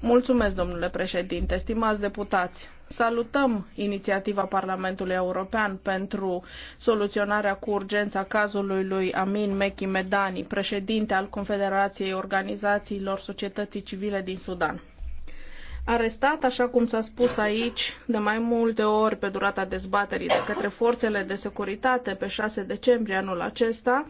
Mulțumesc, domnule președinte, stimați deputați. Salutăm inițiativa Parlamentului European pentru soluționarea cu urgență a cazului lui Amin Mekhi Medani, președinte al Confederației Organizațiilor Societății Civile din Sudan arestat, așa cum s-a spus aici, de mai multe ori pe durata dezbaterii de către forțele de securitate pe 6 decembrie anul acesta.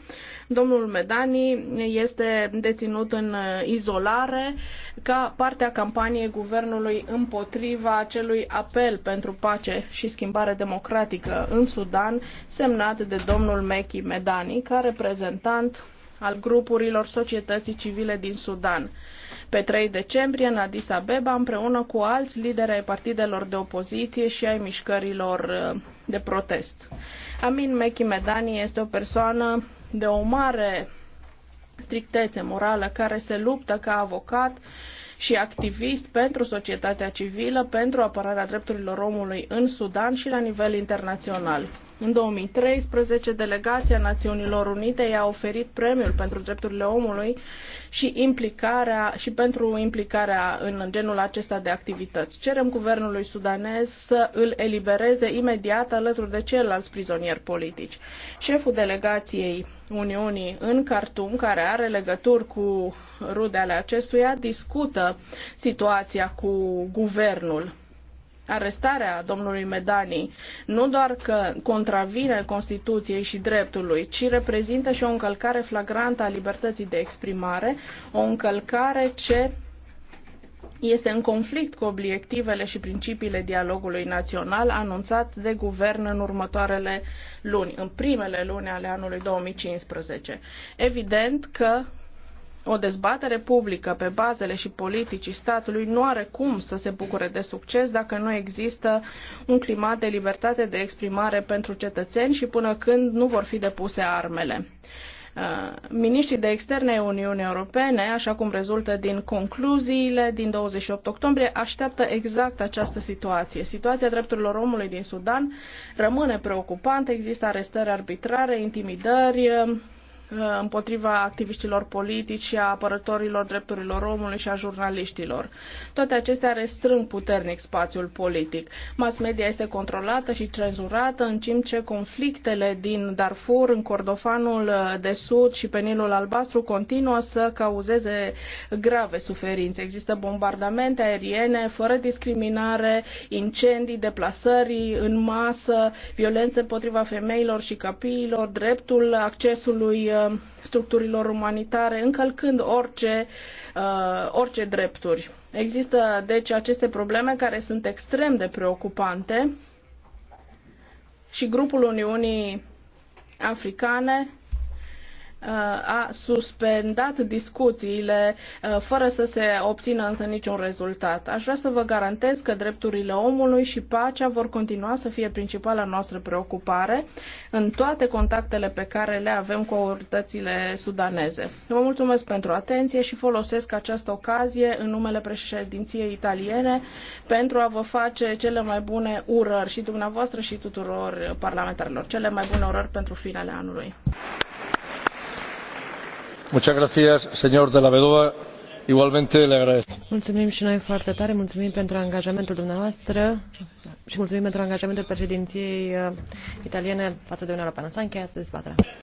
Domnul Medani este deținut în izolare ca parte a campaniei guvernului împotriva acelui apel pentru pace și schimbare democratică în Sudan, semnat de domnul Meki Medani, ca reprezentant al grupurilor societății civile din Sudan pe 3 decembrie în Addis Abeba împreună cu alți lideri ai partidelor de opoziție și ai mișcărilor uh, de protest. Amin Mechi Medani este o persoană de o mare strictețe morală care se luptă ca avocat și activist pentru societatea civilă, pentru apărarea drepturilor omului în Sudan și la nivel internațional. În 2013, delegația Națiunilor Unite i-a oferit premiul pentru drepturile omului și, implicarea, și pentru implicarea în genul acesta de activități. Cerem guvernului sudanez să îl elibereze imediat alături de ceilalți prizonieri politici. Șeful delegației Uniunii în Khartoum, care are legături cu rude ale acestuia discută situația cu guvernul. Arestarea domnului Medani nu doar că contravine Constituției și dreptului, ci reprezintă și o încălcare flagrantă a libertății de exprimare, o încălcare ce este în conflict cu obiectivele și principiile dialogului național anunțat de guvern în următoarele luni, în primele luni ale anului 2015. Evident că o dezbatere publică pe bazele și politicii statului nu are cum să se bucure de succes dacă nu există un climat de libertate de exprimare pentru cetățeni și până când nu vor fi depuse armele. Uh, miniștrii de externe ai Uniunii Europene, așa cum rezultă din concluziile din 28 octombrie, așteaptă exact această situație. Situația drepturilor omului din Sudan rămâne preocupantă, există arestări arbitrare, intimidări, uh, Uh, împotriva activiștilor politici, a apărătorilor drepturilor omului și a jurnaliștilor. Toate acestea restrâng puternic spațiul politic. Mass media este controlată și cenzurată, în timp ce conflictele din Darfur, în Cordofanul uh, de Sud și pe Nilul Albastru continuă să cauzeze grave suferințe. Există bombardamente aeriene fără discriminare, incendii, deplasări în masă, violențe împotriva femeilor și copiilor, dreptul accesului uh, Uh, structurilor umanitare, încălcând orice, uh, orice drepturi. Există deci aceste probleme care sunt extrem de preocupante și grupul Uniunii Africane Uh, a suspendat discuțiile uh, fără să se obțină însă niciun rezultat. Aș vrea să vă garantez că drepturile omului și pacea vor continua să fie principala noastră preocupare în toate contactele pe care le avem cu autoritățile sudaneze. Vă mulțumesc pentru atenție și folosesc această ocazie în numele președinției italiene pentru a vă face cele mai bune urări și dumneavoastră și tuturor parlamentarilor. Cele mai bune urări pentru finele anului. Mulțumim și noi foarte tare, mulțumim pentru angajamentul dumneavoastră și mulțumim pentru angajamentul președinției uh, italiene față de Uniunea Europeană. S-a încheiat dezbaterea.